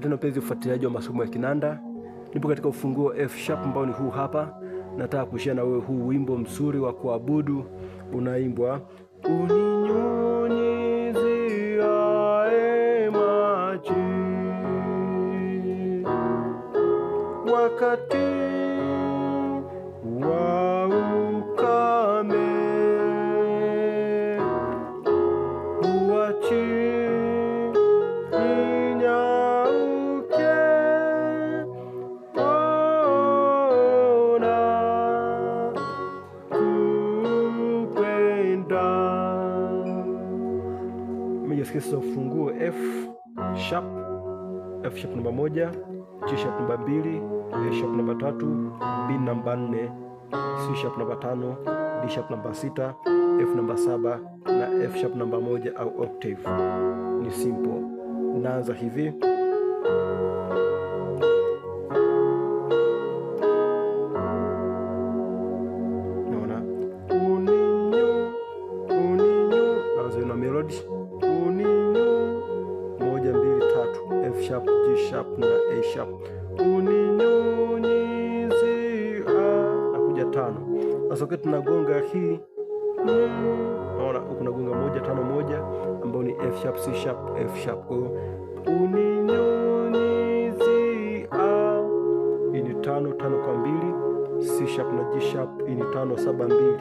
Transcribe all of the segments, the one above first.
Karibu tena mpenzi ufuatiliaji wa masomo ya kinanda. Nipo katika ufunguo F sharp ambao ni huu hapa. Nataka kushia na wewe huu wimbo mzuri wa kuabudu unaimbwa uninyunyiziae wakati moja, G sharp namba mbili, A sharp namba tatu, B namba nne, C sharp namba tano, D sharp namba sita, F namba saba na F sharp namba moja au octave. Ni simple. Naanza hivi. F sharp, G sharp na A sharp. Uninyunyizia nakuja tano. Sasa wakati tunagonga hii, naona huku nagonga moja tano moja, ambayo ni F sharp, C sharp, F sharp. uninyunyizia, hii ni tano tano kwa mbili, C sharp na G sharp. Hii ni tano saba mbili,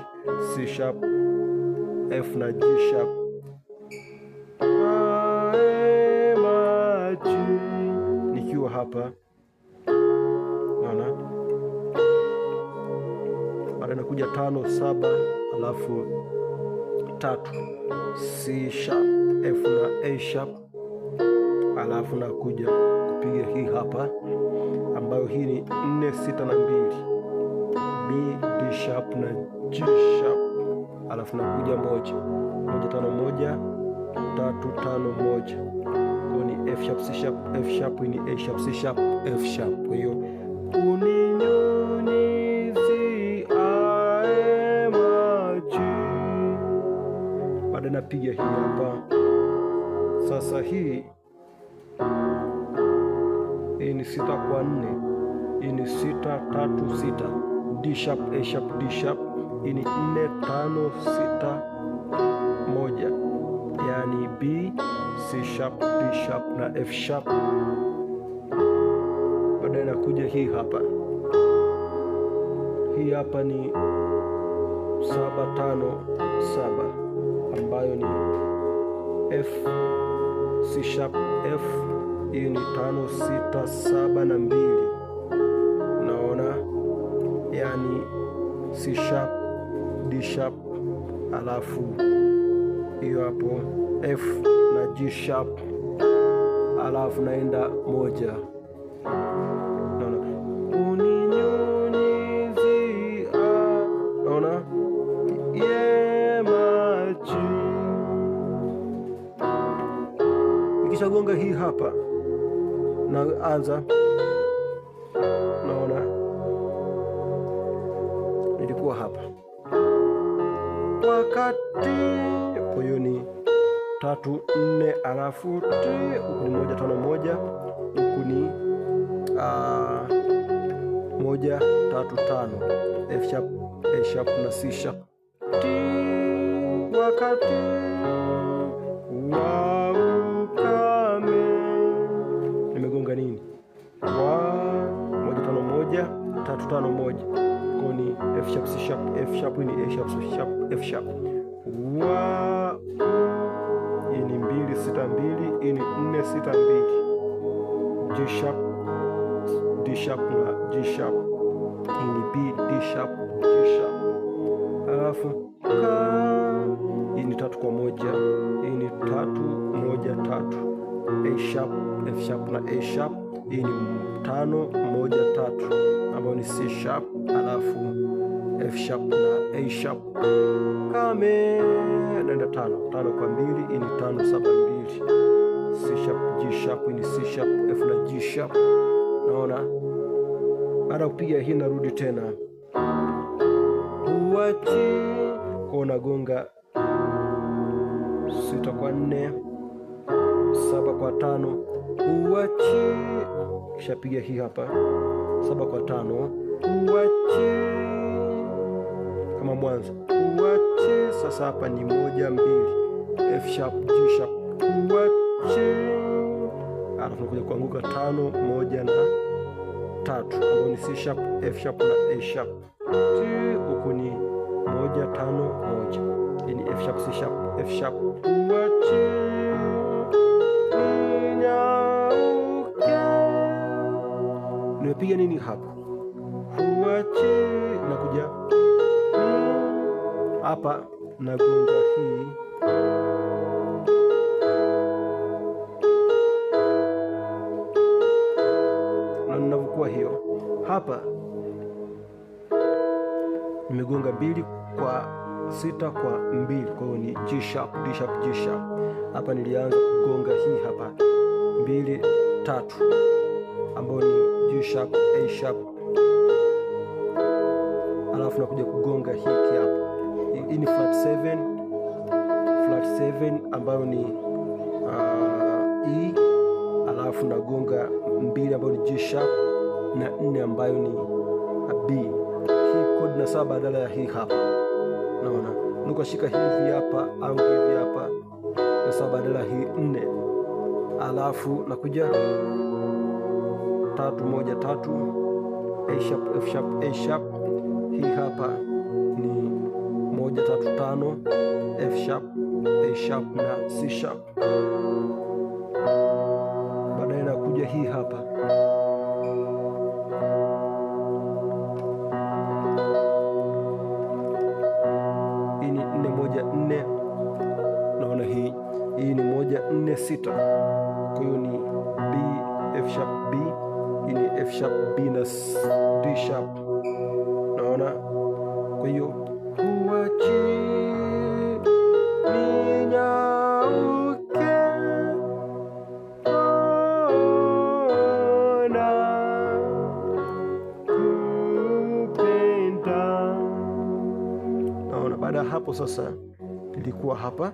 C sharp, F na G sharp hapa, naona baada inakuja tano saba, alafu tatu C sharp F na A sharp, alafu nakuja kupiga hii hapa ambayo hii ni nne sita na mbili B D sharp na G sharp, alafu nakuja moja moja tano moja tatu tano moja F sharp, C sharp, F sharp, ni A sharp, C sharp, F sharp. Kwa hiyo uninyunyiziae maji, baada napiga hii hapa. Sasa hii hii ni sita kwa nne, hii ni sita tatu sita, D sharp, A sharp, D sharp, hii ni nne tano sita moja, yani B C sharp, D sharp na F sharp. Baadaye inakuja hii hapa, hii hapa ni saba tano saba ambayo ni F C sharp F. Hii ni tano sita saba na mbili, naona yani C sharp D sharp alafu hiyo hapo F G sharp, alafu naenda moja Nikishagonga hii hapa na anza naona nilikuwa hapa wakati poyoni tatu nne, alafu huku ni moja tano moja, huku ni ah, moja tatu tano, F sharp, A sharp na C sharp. Wakati wa ukame nimegonga nini? Wa moja tano moja tatu tano moja, koni F sharp, C sharp, F sharp ni A sharp, C sharp, F sharp wa sita mbili hii ni nne sita mbili G sharp D sharp na G sharp ni B D sharp G sharp, alafu hii ni tatu kwa moja, hii tatu moja tatu A sharp F sharp na A sharp. Hii tano moja tatu ambayo ni C sharp, alafu F sharp na A sharp kame naenda tano tano kwa mbili, hii ni tano saba sharp, hii ni C sharp, F na G sharp. Naona baada ya kupiga hii narudi tena uwachi kwa unagonga sita kwa nne saba kwa tano uwachi, kisha piga hii hapa saba kwa tano uwachi kama mwanzo uwachi. Sasa hapa ni moja mbili F sharp G sharp uwachi tano, tunakuja kuanguka tano moja na tatu, ambayo ni C sharp, F sharp na A sharp. Huku ni moja tano moja, hii ni F sharp, C sharp, F sharp. Nimepiga nini hapo? Nakuja hapa nagonga hii hiyo hapa nimegonga mbili kwa sita kwa mbili, kwa hiyo ni G sharp, D sharp, G sharp. Hapa nilianza kugonga hii hapa mbili tatu, ambayo ni G sharp, A sharp, alafu nakuja kugonga hiki hapa. Hii ni flat 7, flat 7 ambayo ni uh, E, alafu nagonga mbili ambayo ni G sharp na nne ambayo ni B. Hii kodi na saba badala ya hii hapa, naona nikashika hivi hapa au hivi hapa na saba badala hii nne, alafu nakuja tatu moja tatu A sharp F sharp A sharp. Hii hapa ni moja tatu tano F sharp A sharp na C sharp. Baadaye nakuja hii hapa tano hii hii ni moja nne sita kwa hiyo ni B, F sharp B. Hii ni F sharp B na D sharp, naona. Kwa hiyo huachi ninyauke, ona kupenda, naona. Baada ya hapo sasa ilikuwa hapa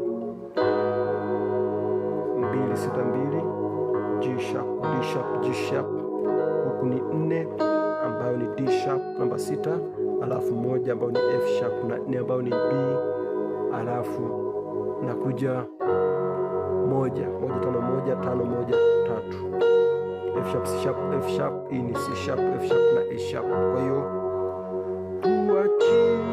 mbili sita mbili G sharp B sharp G sharp, huku ni nne ambayo ni D sharp namba sita, alafu moja ambayo ni F sharp na nne ambayo ni B, alafu nakuja moja moja tano moja tano moja tatu F sharp C sharp F sharp, hii e ni C sharp F sharp na A sharp, kwa hiyo tuachie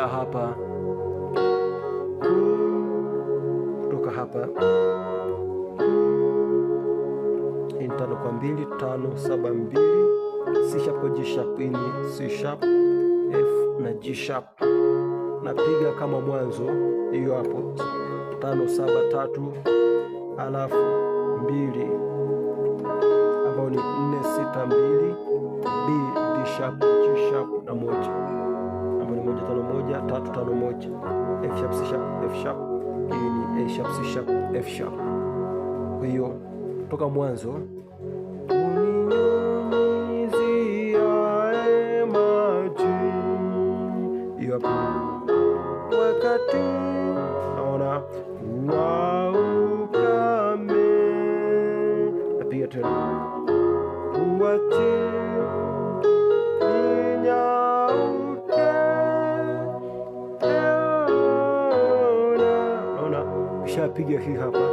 kuelekea hapa kutoka hapa ni tano kwa mbili tano saba mbili C sharp kwa G sharp ini e C sharp F na G sharp napiga kama mwanzo hiyo hapo tano saba tatu alafu mbili ambao ni nne sita mbili B D sharp G sharp na moja ni moja tano moja tatu tano moja F sharp C sharp F sharp, hii ni A sharp C sharp F sharp. Kwa hiyo toka mwanzo hiyo hapo wakati Napiga hii hapa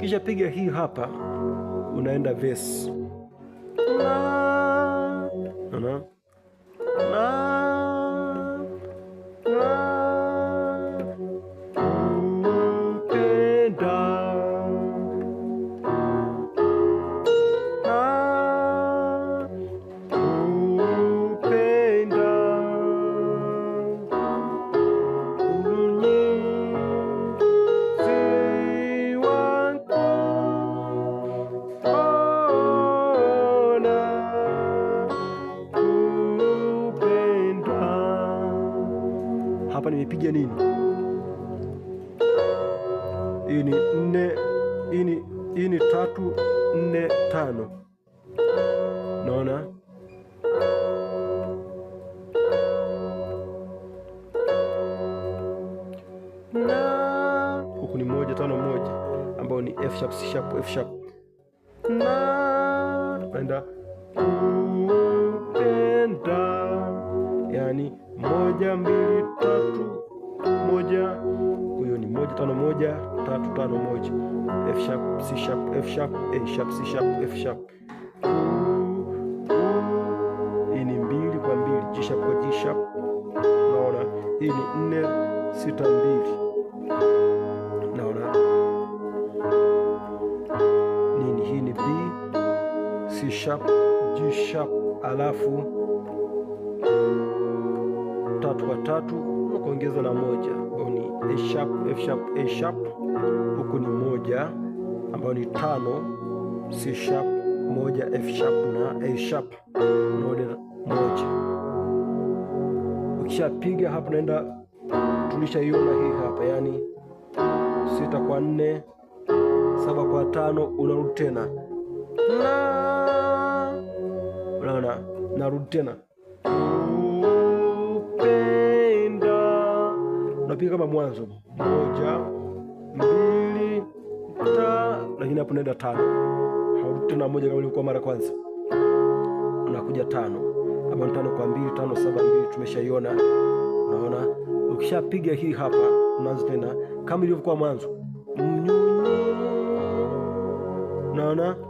kisha piga hii hapa, unaenda verse. Unaona? tano. Naona huku ni moja tano moja, ambao ni F sharp, C sharp, F sharp kupenda, yani moja mbili tatu moja. Huyo ni moja tano moja tatu tano moja F sharp C sharp F sharp A sharp C sharp F sharp. Hii ni mbili kwa mbili, G sharp kwa G sharp. Naona hii ni nne sita mbili, naona nini hii ni B C sharp G sharp alafu tatu kwa tatu kuongeza na moja ambayo ni A sharp, F sharp, A sharp. Huku ni moja ambayo ni tano, C sharp moja, F sharp na A sharp moja. Ukishapiga hapa naenda na hii hapa, yaani sita kwa nne, saba kwa tano, unarudi tena na, unaona, narudi tena napiga kama mwanzo, moja mbili ta, lakini hapo naenda tano, haurudi tena moja kama ilikuwa mara kwanza, unakuja tano ni tano kwa mbili, tano saba mbili, tumeshaiona. Unaona, ukishapiga hii hapa, unaanza tena kama ilivyokuwa mwanzo, mnyunyi unaona